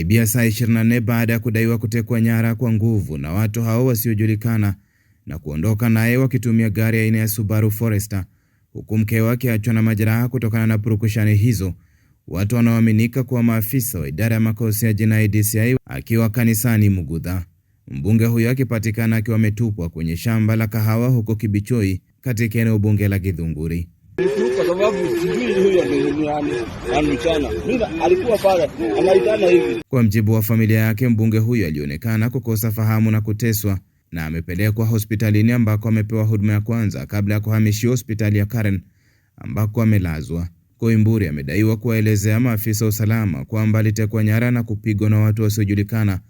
karibia saa 24 baada ya kudaiwa kutekwa nyara kwa nguvu na watu hao wasiojulikana na kuondoka naye wakitumia gari aina ya Subaru Forester, huku mkewe akiachwa na majeraha kutokana na purukushani hizo. Watu wanaoaminika kuwa maafisa wa idara ya makosa ya jinai DCI akiwa kanisani Mugudha. Mbunge huyo akipatikana akiwa ametupwa kwenye shamba la kahawa huko Kibichoi katika eneo bunge la Githunguri kwa sababu sijui huyu Mimi alikuwa pale anaitana hivi. Kwa mjibu wa familia yake, mbunge huyo alionekana kukosa fahamu na kuteswa na amepelekwa hospitalini ambako amepewa huduma ya kwanza kabla ya kuhamishiwa hospitali ya Karen ambako amelazwa. Koimburi amedaiwa kuwaelezea maafisa wa usalama kwamba alitekwa nyara na kupigwa na watu wasiojulikana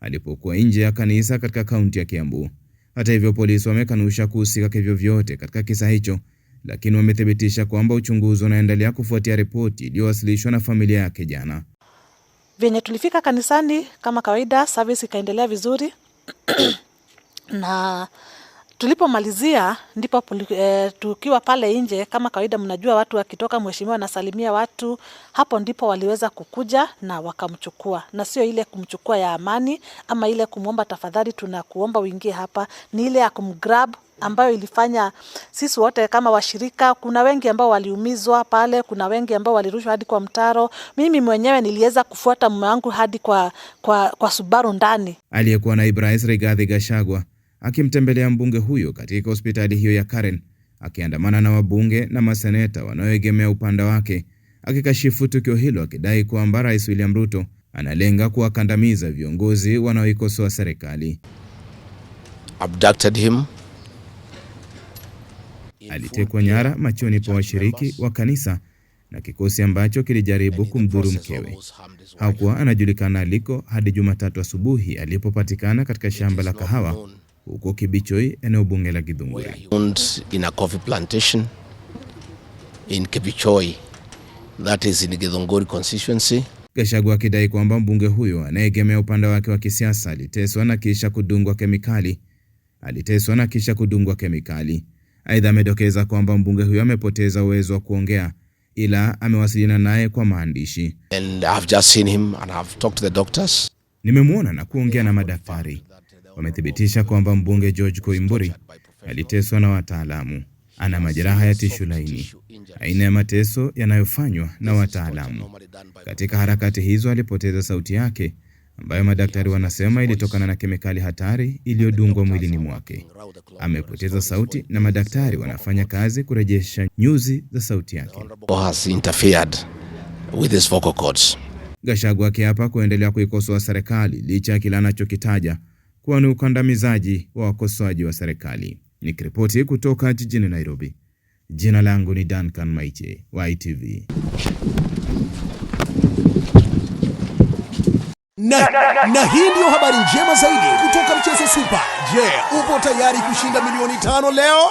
alipokuwa nje ya kanisa katika kaunti ya Kiambu. Hata hivyo, polisi wamekanusha kuhusika kivyovyote katika kisa hicho lakini wamethibitisha kwamba uchunguzi unaendelea kufuatia ripoti iliyowasilishwa na familia yake jana. Venye tulifika kanisani kama kawaida, service ikaendelea vizuri na tulipomalizia ndipo e, tukiwa pale nje kama kawaida, mnajua watu wakitoka, mheshimiwa anasalimia watu. Hapo ndipo waliweza kukuja na wakamchukua, na sio ile kumchukua ya amani ama ile kumwomba tafadhali, tunakuomba uingie hapa, ni ile ya kumgrab ambayo ilifanya sisi wote kama washirika, kuna wengi ambao waliumizwa pale, kuna wengi ambao walirushwa hadi kwa mtaro. Mimi mwenyewe niliweza kufuata mume wangu hadi kwa, kwa, kwa Subaru ndani. Aliyekuwa naibu rais Rigathi Gachagua akimtembelea mbunge huyo katika hospitali hiyo ya Karen akiandamana na wabunge na maseneta wanaoegemea upande wake, akikashifu tukio hilo, akidai kwamba Rais William Ruto analenga kuwakandamiza viongozi wanaoikosoa serikali. Abducted him alitekwa nyara machoni pa washiriki wa kanisa na kikosi ambacho kilijaribu kumdhuru mkewe. Hakuwa anajulikana aliko hadi Jumatatu asubuhi alipopatikana katika shamba la kahawa huko Kibichoi, eneo bunge la Githunguri. Gachagua akidai kwamba mbunge huyo anayeegemea upande wake wa kisiasa aliteswa na kisha kudungwa kemikali, aliteswa na kisha kudungwa kemikali. Aidha, amedokeza kwamba mbunge huyo amepoteza uwezo wa kuongea ila amewasiliana naye kwa maandishi. Nimemwona na kuongea na madaktari, wamethibitisha kwamba mbunge George Koimburi aliteswa na wataalamu. Ana majeraha ya tishu laini, aina ya mateso yanayofanywa na wataalamu. Katika harakati hizo alipoteza sauti yake ambayo madaktari wanasema ilitokana na kemikali hatari iliyodungwa mwilini mwake. Amepoteza sauti na madaktari wanafanya kazi kurejesha nyuzi za sauti yake. Gachagua akiapa kuendelea kuikosoa serikali licha ya kile anachokitaja kuwa ni ukandamizaji wa wakosoaji wa serikali. Nikiripoti kutoka jijini Nairobi, jina langu ni Duncan Maiche wa ITV. Na, na, na hii ndiyo habari njema zaidi kutoka mchezo Super. Je, upo tayari kushinda milioni tano leo?